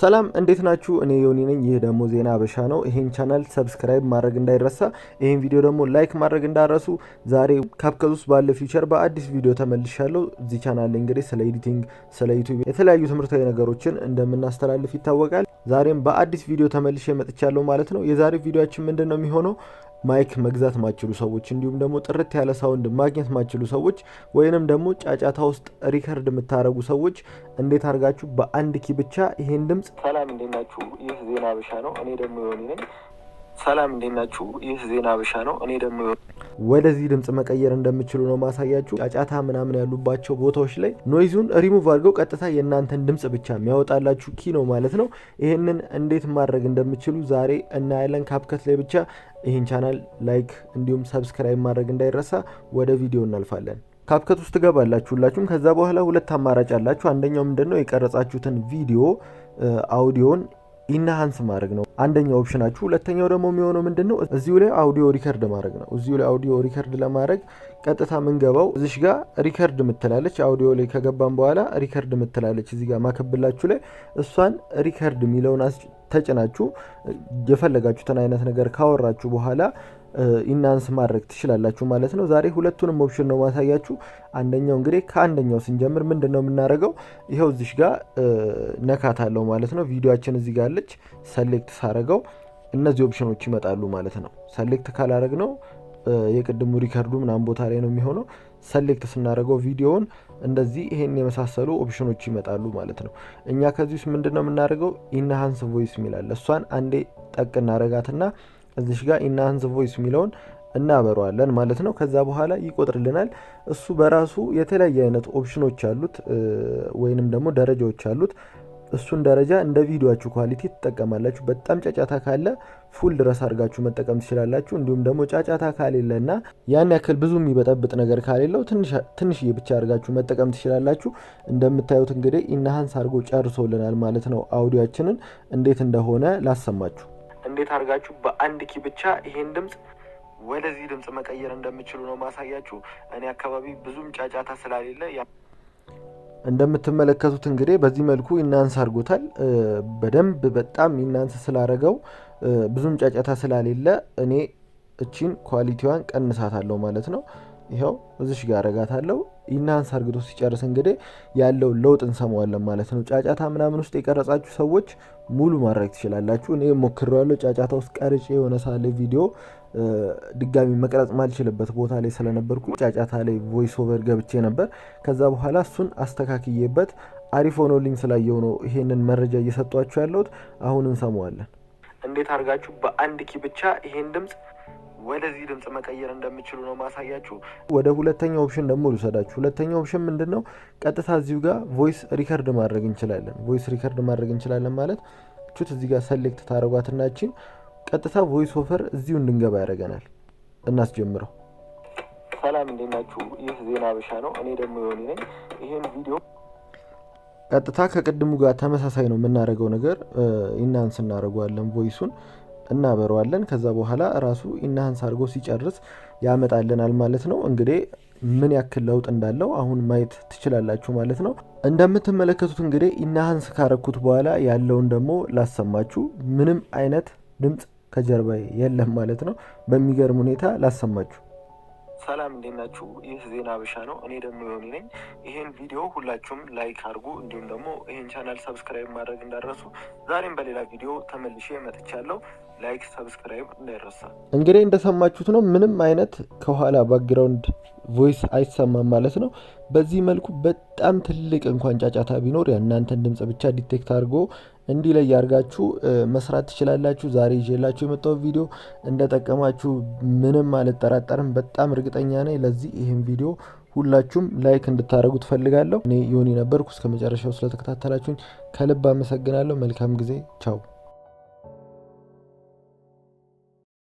ሰላም እንዴት ናችሁ? እኔ ዮኒ ነኝ። ይህ ደግሞ ዜና አበሻ ነው። ይህን ቻናል ሰብስክራይብ ማድረግ እንዳይረሳ፣ ይህን ቪዲዮ ደግሞ ላይክ ማድረግ እንዳረሱ። ዛሬ ካፕከት ውስጥ ባለ ፊውቸር በአዲስ ቪዲዮ ተመልሻለሁ። እዚህ ቻናል እንግዲህ ስለ ኤዲቲንግ፣ ስለ ዩቱብ የተለያዩ ትምህርታዊ ነገሮችን እንደምናስተላልፍ ይታወቃል። ዛሬም በአዲስ ቪዲዮ ተመልሼ መጥቻለሁ ማለት ነው። የዛሬ ቪዲዮችን ምንድን ነው የሚሆነው ማይክ መግዛት ማችሉ ሰዎች እንዲሁም ደግሞ ጥርት ያለ ሳውንድ ማግኘት ማችሉ ሰዎች ወይንም ደግሞ ጫጫታ ውስጥ ሪከርድ የምታደረጉ ሰዎች እንዴት አድርጋችሁ በአንድ ኪ ብቻ ይሄን ድምጽ ሰላም እንዴት ይህ ዜና ብሻ ነው። እኔ ደግሞ የሆኒ ነኝ። ሰላም እንዴናችሁ ይህ ዜና ብሻ ነው። እኔ ደግሞ ወደዚህ ድምፅ መቀየር እንደምችሉ ነው ማሳያችሁ። ጫጫታ ምናምን ያሉባቸው ቦታዎች ላይ ኖይዙን ሪሙቭ አድርገው ቀጥታ የእናንተን ድምፅ ብቻ የሚያወጣላችሁ ኪ ነው ማለት ነው። ይህንን እንዴት ማድረግ እንደምችሉ ዛሬ እናያለን። ካፕከት ላይ ብቻ ይህን ቻናል ላይክ እንዲሁም ሰብስክራይብ ማድረግ እንዳይረሳ። ወደ ቪዲዮ እናልፋለን። ካፕከት ውስጥ ትገባላችሁ ሁላችሁም። ከዛ በኋላ ሁለት አማራጭ አላችሁ። አንደኛው ምንድነው የቀረጻችሁትን ቪዲዮ አውዲዮን ኢናሃንስ ማድረግ ነው አንደኛው ኦፕሽናችሁ። ሁለተኛው ደግሞ የሚሆነው ምንድን ነው እዚሁ ላይ አውዲዮ ሪከርድ ማድረግ ነው። እዚሁ ላይ አውዲዮ ሪከርድ ለማድረግ ቀጥታ የምንገባው እዚሽ ጋር ሪከርድ ምትላለች። አውዲዮ ላይ ከገባን በኋላ ሪከርድ ምትላለች እዚህ ጋር ማከብላችሁ ላይ እሷን ሪከርድ የሚለውን ተጭናችሁ የፈለጋችሁትን አይነት ነገር ካወራችሁ በኋላ ኢናንስ ማድረግ ትችላላችሁ ማለት ነው። ዛሬ ሁለቱንም ኦፕሽን ነው ማሳያችሁ። አንደኛው እንግዲህ ከአንደኛው ስንጀምር ምንድን ነው የምናደርገው? ይኸው እዚሽ ጋር ነካት አለው ማለት ነው። ቪዲዮችን እዚህ ጋር አለች። ሰሌክት ሳረገው እነዚህ ኦፕሽኖች ይመጣሉ ማለት ነው። ሰሌክት ካላረግ ነው የቅድሙ ሪከርዱ ምናምን ቦታ ላይ ነው የሚሆነው። ሰሌክት ስናደርገው ቪዲዮውን እንደዚህ ይሄን የመሳሰሉ ኦፕሽኖች ይመጣሉ ማለት ነው። እኛ ከዚህ ውስጥ ምንድን ነው የምናደርገው ኢንሃንስ ቮይስ የሚላል እሷን አንዴ ጠቅ እናረጋትና እዚሽ ጋር ኢናንስ ቮይስ የሚለውን እናበረዋለን ማለት ነው። ከዛ በኋላ ይቆጥርልናል። እሱ በራሱ የተለያየ አይነት ኦፕሽኖች አሉት ወይንም ደግሞ ደረጃዎች አሉት። እሱን ደረጃ እንደ ቪዲዮችሁ ኳሊቲ ትጠቀማላችሁ። በጣም ጫጫታ ካለ ፉል ድረስ አድርጋችሁ መጠቀም ትችላላችሁ። እንዲሁም ደግሞ ጫጫታ ካሌለና ያን ያክል ብዙ የሚበጠብጥ ነገር ካሌለው ትንሽዬ ብቻ አድርጋችሁ መጠቀም ትችላላችሁ። እንደምታዩት እንግዲህ ኢናሃንስ አድርጎ ጨርሶልናል ማለት ነው። አውዲያችንን እንዴት እንደሆነ ላሰማችሁ እንዴት አድርጋችሁ በአንድ ኪ ብቻ ይሄን ድምፅ ወደዚህ ድምፅ መቀየር እንደምችሉ ነው ማሳያችሁ። እኔ አካባቢ ብዙም ጫጫታ ስላሌለ እንደምትመለከቱት እንግዲህ በዚህ መልኩ ኢናንስ አድርጎታል። በደንብ በጣም ኢናንስ ስላረገው ብዙም ጫጫታ ስላሌለ እኔ እቺን ኳሊቲዋን ቀንሳታለሁ ማለት ነው። ይኸው እዚሽ ጋር አረጋታለሁ። ይናንስ አርግቶ ሲጨርስ እንግዲህ ያለው ለውጥ እንሰማዋለን ማለት ነው። ጫጫታ ምናምን ውስጥ የቀረጻችሁ ሰዎች ሙሉ ማድረግ ትችላላችሁ። እኔ ሞክሬዋለሁ። ጫጫታ ውስጥ ቀርጬ የሆነ ሳለ ቪዲዮ ድጋሚ መቅረጽ ማልችልበት ቦታ ላይ ስለነበርኩ ጫጫታ ላይ ቮይስ ኦቨር ገብቼ ነበር። ከዛ በኋላ እሱን አስተካክዬበት አሪፍ ሆኖልኝ ስላየው ነው ይሄንን መረጃ እየሰጧችሁ ያለሁት። አሁን እንሰማዋለን እንዴት አድርጋችሁ በአንድ ኪ ብቻ ይሄን ድምፅ ወደዚህ ድምጽ መቀየር እንደምችሉ ነው ማሳያችሁ። ወደ ሁለተኛ ኦፕሽን ደግሞ ልውሰዳችሁ። ሁለተኛ ኦፕሽን ምንድን ነው? ቀጥታ እዚሁ ጋር ቮይስ ሪከርድ ማድረግ እንችላለን። ቮይስ ሪከርድ ማድረግ እንችላለን ማለት ቹት እዚህ ጋር ሰሌክት ታደረጓትናችን ቀጥታ ቮይስ ኦቨር እዚሁ እንድንገባ ያደረገናል። እናስጀምረው። ሰላም እንዴት ናችሁ? ይህ ዜና አበሻ ነው። እኔ ደግሞ የሆነ ነኝ። ይህን ቪዲዮ ቀጥታ ከቅድሙ ጋር ተመሳሳይ ነው የምናደርገው ነገር ኢናንስ እናደርገዋለን ቮይሱን እናበረዋለን። ከዛ በኋላ ራሱ ኢናንስ አድርጎ ሲጨርስ ያመጣልናል ማለት ነው። እንግዲህ ምን ያክል ለውጥ እንዳለው አሁን ማየት ትችላላችሁ ማለት ነው። እንደምትመለከቱት እንግዲህ ኢናንስ ካረኩት በኋላ ያለውን ደግሞ ላሰማችሁ። ምንም አይነት ድምፅ ከጀርባ የለም ማለት ነው። በሚገርም ሁኔታ ላሰማችሁ ሰላም እንዴት ናችሁ? ይህ ዜና አበሻ ነው። እኔ ደግሞ የሆኒ ነኝ። ይህን ቪዲዮ ሁላችሁም ላይክ አድርጉ፣ እንዲሁም ደግሞ ይህን ቻናል ሰብስክራይብ ማድረግ እንዳረሱ። ዛሬም በሌላ ቪዲዮ ተመልሼ መጥቻለሁ። ላይክ ሰብስክራይብ እንዳይረሳ። እንግዲህ እንደሰማችሁት ነው፣ ምንም አይነት ከኋላ ባክግራውንድ ቮይስ አይሰማም ማለት ነው። በዚህ መልኩ በጣም ትልቅ እንኳን ጫጫታ ቢኖር የእናንተን ድምፅ ብቻ ዲቴክት አድርጎ እንዲለይ ያርጋችሁ መስራት ትችላላችሁ። ዛሬ ይዤላችሁ የመጣው ቪዲዮ እንደጠቀማችሁ ምንም አልጠራጠርም፣ በጣም እርግጠኛ ነኝ። ለዚህ ይህም ቪዲዮ ሁላችሁም ላይክ እንድታደርጉ ትፈልጋለሁ። እኔ ዮኒ ነበርኩ። እስከ መጨረሻው ስለተከታተላችሁኝ ከልብ አመሰግናለሁ። መልካም ጊዜ። ቻው